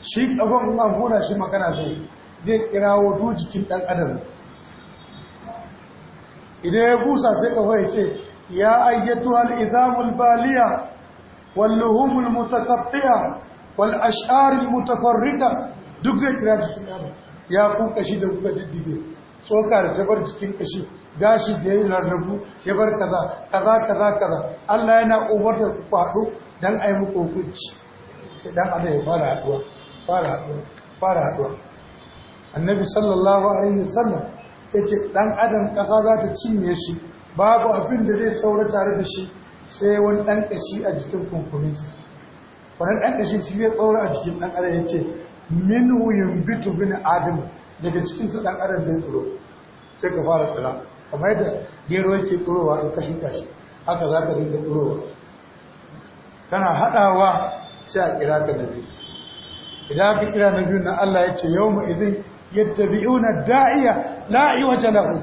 S1: shi ƙafon in an hura shi magana zai zai kirawo duk jikin ɗan adam idan ya busa sai ƙafa ya ce ya ayyatu al'izamul baliya walluhumul mutakattiya wal ash'arul mutafarrika duk zai kira jikin ɗan ya kuka shi da kuka diddige tsokar jabar jikin ƙashi gashi da yayi rarrabu ya bar kaza kaza kaza kaza Allah yana umarta ku faɗo dan ai muku hukunci sai dan adam ya fara haduwa fara haduwa fara haduwa annabi sallallahu alaihi wasallam yace dan adam kasa za ta cinye shi babu abin da zai saura tare da shi sai wani dan kashi a jikin kunkuminsa wannan dan kashi shi zai tsaura a jikin dan adam yace minhu yumbitu bin adam daga cikin su dan adam zai tsiro sai ka fara tsira kamar da gero yake ɗorowa in kashin kashi haka za ka dinga ɗorowa kana haɗawa sai a kira ka na biyu idan aka kira na biyu na Allah ya ce yau ma'izin yadda biyu na da'iya la'i wajen lafi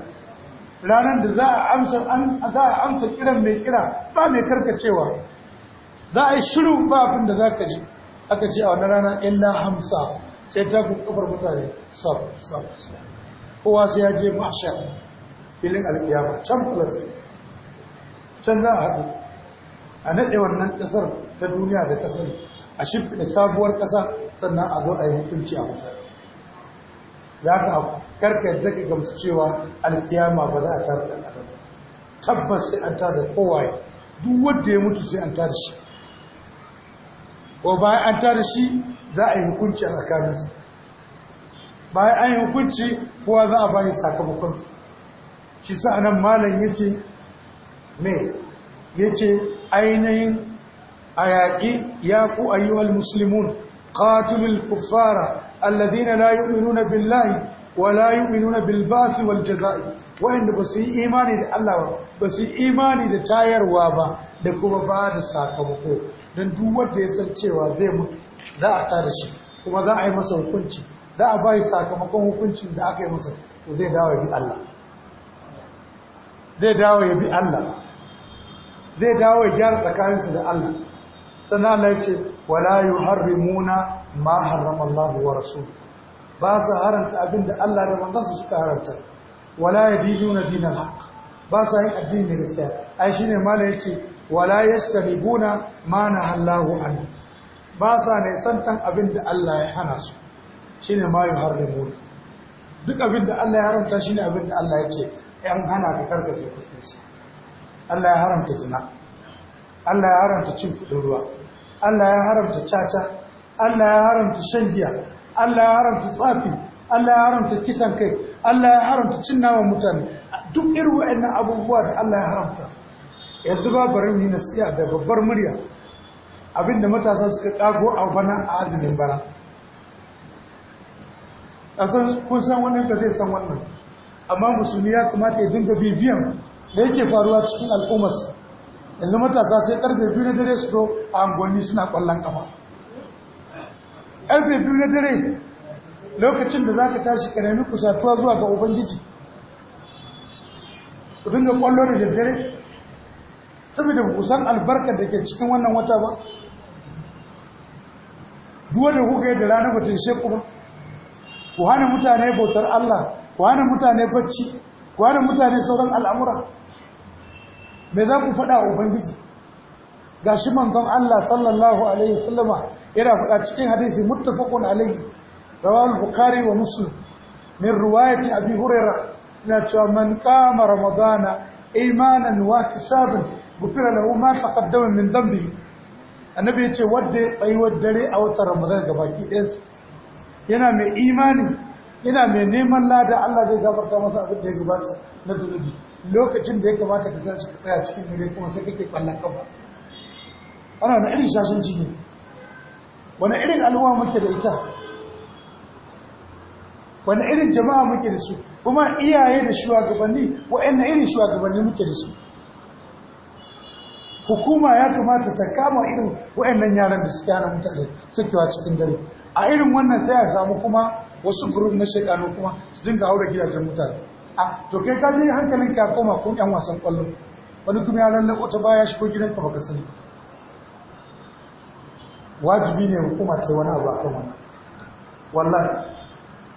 S1: ranar da za a amsa kiran mai kira ba mai karkacewa za a yi shiru ba abin da za ka ji aka ce a wani rana illa hamsa sai ta ƙafar mutane sab sab kowa sai ya je mashar filin alkiyama can falastin can za a haɗu a naɗe wannan ƙasar ta duniya da ƙasar a da sabuwar ƙasa sannan a zo a yi hukunci a kusa za ka yadda ka gamsu cewa alkiyama ba za a tara da ƙasar tabbas sai an tara da kowaye duk wanda ya mutu sai an tara shi ko bayan an tara shi za a yi hukunci a tsakaninsu bayan an yi hukunci kowa za a bayi sakamakonsu. shi sa'anan malam ya ce me ya ce ainihin a yaƙi ya ku ayyuhal musulmun ƙatulul kufara alladina la yu'minuna billahi wa la yu'minuna bil ba'thi wal jazai waɗanda ba su yi imani da Allah ba ba su yi imani da tayarwa ba da kuma ba da sakamako don duk wanda ya san cewa zai mutu za a tada shi kuma za a yi masa hukunci za a ba shi sakamakon hukuncin da aka yi masa to zai dawo bi Allah zai dawo ya bi Allah zai dawo ya gyara tsakaninsu da Allah sannan Allah ya ce wala yuharrimuna ma harrama Allah wa rasul ba su haranta abin da Allah da manzansa suka haranta wala yadinuna zina haq ba su yin addini ne gaskiya ai shine mala ce, wala yastabuna ma hallahu an ba sa ne santan abin da Allah ya hana su shine ma yuharrimuna duk abin da Allah ya haramta shine abin da Allah ya ce yan hana ka karkace kuɗinsu Allah ya haramta zina Allah ya haramta cin kuɗin ruwa Allah ya haramta caca Allah ya haramta shan giya Allah ya haramta tsafi Allah ya haramta kisan kai Allah ya haramta cin naman mutane duk irin wa'annan abubuwa da Allah ya haramta yanzu ba barin ni nasiya da babbar murya abinda matasa suka kago a bana a azumin bana kun san wannan ka zai san wannan amma musulmi ya kamata ya dinga bibiyan da yake faruwa cikin al'ummarsa yanzu matasa sai karfe biyu na dare su zo a angonni suna kwallon kafa karfe biyu na dare lokacin da za ka tashi karami kusatuwa zuwa ga ubangiji ku dinga kwallo da daddare saboda kusan san albarkar da ke cikin wannan wata ba duwa da kuka yi da ranar batun ku hana mutane bautar Allah kwanan mutane bacci ku mutane sauran al'amura me za ku faɗa wa ubangiji ga shi manzon Allah sallallahu alaihi wasallama yana faɗa cikin hadisi muttafaqun alaihi Rawar bukhari wa muslim min ruwayati abi hurera. na cewa man kama ramadana imanan wa hisaban gufira lahu ma taqaddama min zambi annabi yace wanda ya tsayuwar dare a watan ramadan baki ɗansu yana mai imani Ina mai neman lada Allah zai gafarta masa abin da ya gabata na zunubi lokacin da ya kamata ka tashi ka tsaya cikin dare kuma sai kake kwallon kafa ana wani irin shashanci ne wani irin al'umma muke da ita wani irin jama'a muke da su kuma iyaye da shugabanni wa'annan irin shugabanni muke da su hukuma ya kamata ta kama irin wa'annan yaran da suke yana mutane sakewa cikin dare a irin wannan sai a samu kuma wasu gurub na shekaru kuma su dinga haura gidajen mutane a to kai ka je hankalin ka koma kun yan wasan kwallo wani kuma ya lallako ta baya shigo gidanka baka sani wajibi ne hukuma ta wani abu akan wannan wallahi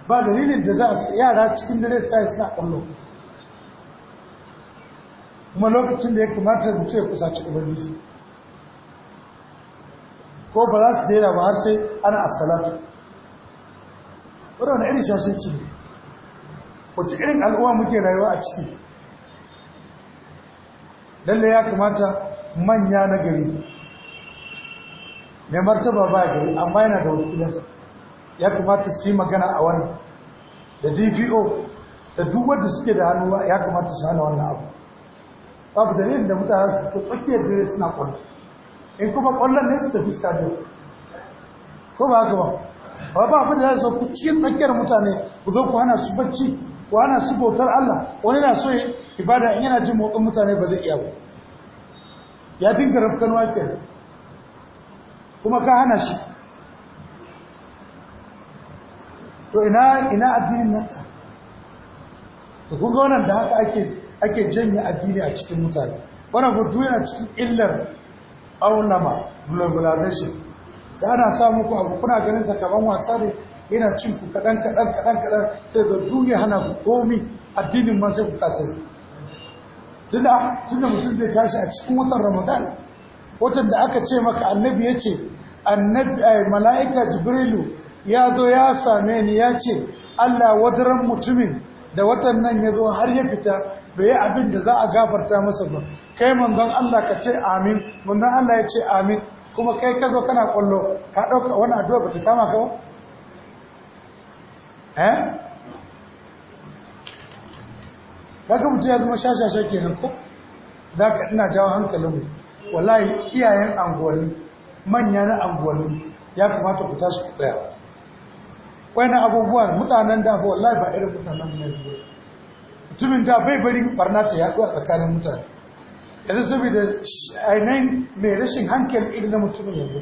S1: ba dalilin da za a yara cikin dare sai suna kwallo kuma lokacin da ya kamata da mutu ya kusa cikin ubangiji ko ba za su daina ba har sai ana asalatu wadanda irin ci ne wacce irin al'uwa muke rayuwa a ciki lalle ya kamata manya na gari mai martaba ba gari amma yana da wakilansa ya kamata su yi magana a wani. da dvo da duk wadda suke da hannu ya kamata su hana wannan abu babu dalilin da mutane su fito tsakiyar dare suna kwallo in kuma kwallon ne su tafi stadion ko ba haka ba ba ba abin da za su ku cikin tsakiyar mutane ku zo ku hana su bacci ku hana su bautar Allah wani na so ibada in yana jin motsin mutane ba zai iya ba ya dinga rafkan wake kuma ka hana shi to ina ina addinin nan ta ku ga wannan da haka ake ake janye addini a cikin mutane wannan hudu yana cikin illar aunama globalization da ana samu ku abu kuna ganin sakaban wasa ne yana cin ku kaɗan kaɗan kaɗan kaɗan sai ga duniya hana ku komi addinin man sai ku kasai tunda tunda mutum zai tashi a cikin watan ramadan watan da aka ce maka annabi ya ce eh, mala'ika jibrilu ya zo ya same ni ya ce allah wadaran mutumin da watan nan ya zo har ya fita bai yi abin da za a gafarta masa ba kai manzon Allah ka ce amin manzon Allah ya ce amin kuma kai ka zo kana kwallo ka ɗauka wani addu'a ba ta kama ka ba eh ka mutum ya zama shashashe kenan ko za ka ina jawo hankalinmu wallahi iyayen anguwanni manya na anguwanni ya kamata ku tashi ku tsaya wani abubuwan mutanen da wallahi ba irin mutanen ne. zuwa mutumin da bai bari barna ta yaku a tsakanin mutane yanzu saboda ainihin mai rashin hankali irin na mutumin yanzu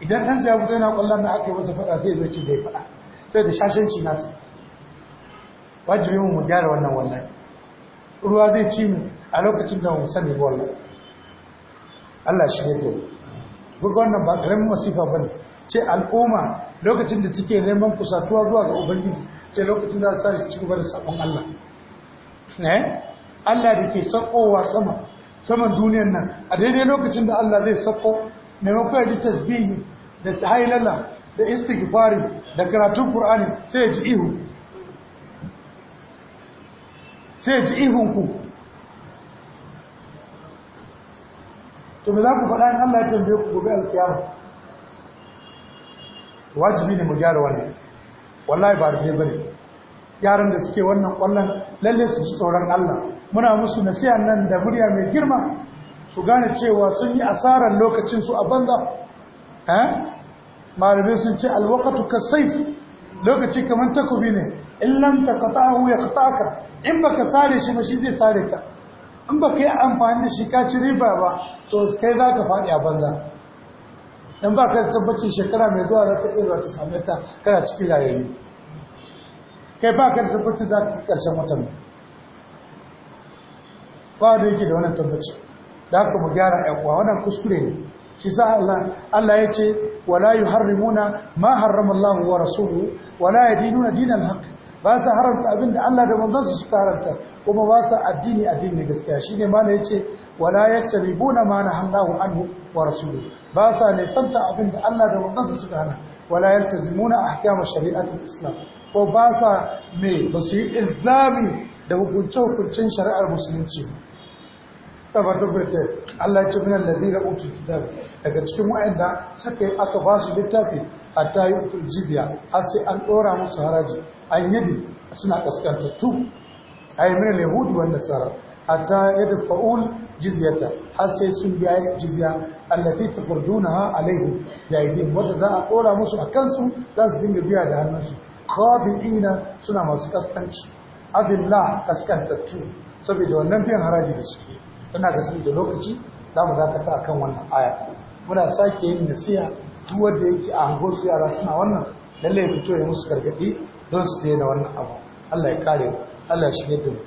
S1: idan ɗan jabu zai na ƙwallon na aka yi wasu faɗa zai zai bai faɗa sai da shashanci nasu wajibi mu gyara wannan wannan ruwa zai ci mu a lokacin da mu sani ba Allah shi ne dole buga wannan ba ƙaramin masifa ba ne ce al'umma lokacin da take neman kusatuwa zuwa ga ubangiji ce lokacin da za su ci gaba da sabon Allah Eh? Allah da ke sakowa sama saman duniyar nan a daidai lokacin da Allah zai sako maimakon ya ji tasbihi da hailala da istighfari da karatun Kur'ani sai ya ji ihu sai ya ji ihunku to me za ku faɗa in Allah ya tambaye ku gobe alkiyama wajibi ne mu gyara wannan wallahi ba da ne bane yaran da suke wannan kwallon lalle su ji tsoron Allah muna musu nasiha nan da murya mai girma su gane cewa sun yi asarar lokacin su a banza eh malamai sun ce alwaqatu kasayf lokaci kamar takubi ne in lam taqata'hu yaqta'aka in baka sare shi ba shi zai sare ka in baka yi amfani da shi ka ci riba ba to kai zaka faɗi a banza dan baka tabbacin shekara mai zuwa za ta iya ta same ta kana cikin rayayi kai ba ka da tabbacin za ka ƙarshen watan ba da yake da wannan tabbacin da haka mu gyara yakuwa wannan kuskure ne shi za Allah Allah ya ce wala yuharrimuna ma harrama Allah wa rasuluhu wala yadinuna dinal haqq ba sa haramta abinda Allah da manzon su suka haramta kuma ba sa addini addini gaskiya shine ma ne yace wala yasribuna ma nahallahu anhu wa rasuluhu ba sa ne santa abinda Allah da manzon suka hana wala yaltazimuna ahkam shari'at al-islam ko ba sa me ba su yi ilzami da hukunce-hukuncen shari'ar musulunci tabbatar birte Allah ce minan ladina utul kitab daga cikin wa'anda suka yi aka ba su littafi hatta yi utul jizya har sai an dora musu haraji an yadi suna kaskantattu ay minan yahud wa nasara hatta Fa'ul jizyata har sai sun biya jizya allati taqurdunaha alaihi da idin wanda za a kora musu a kansu za su dinga biya da hannunsu Ina suna masu kaskanci abillah kaskantattu saboda wannan biyan haraji da suke ina da sun da lokaci za mu dakata akan wannan aya muna sake yin nasiha duk wanda yake a hango su yara suna wannan lallai fito ya musu gargadi don su daina wannan abu Allah ya kare Allah ya shige da mu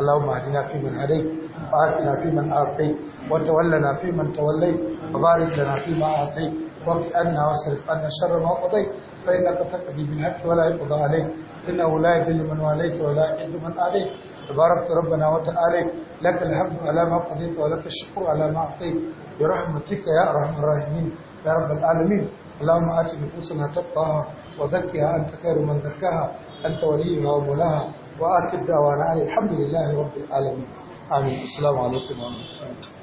S1: اللهم اهدنا فيمن هديت وعافنا فيمن عافيت وتولنا فيمن توليت وبارك لنا فيما اعطيت واقف عنا واصرف عنا شر ما قضيت فانك تقضي بالحق ولا يقضى عليك انه لا يذل من واليت ولا يعز من عليك تبارك ربنا وتعالى لك الحمد على ما قضيت ولك الشكر على ما اعطيت برحمتك يا ارحم الراحمين يا رب العالمين اللهم آت نفوسنا تقواها وزكها أنت خير من زكاها أنت وليها ومولاها وآخر دعوانا الحمد لله رب العالمين آمين السلام عليكم ورحمة الله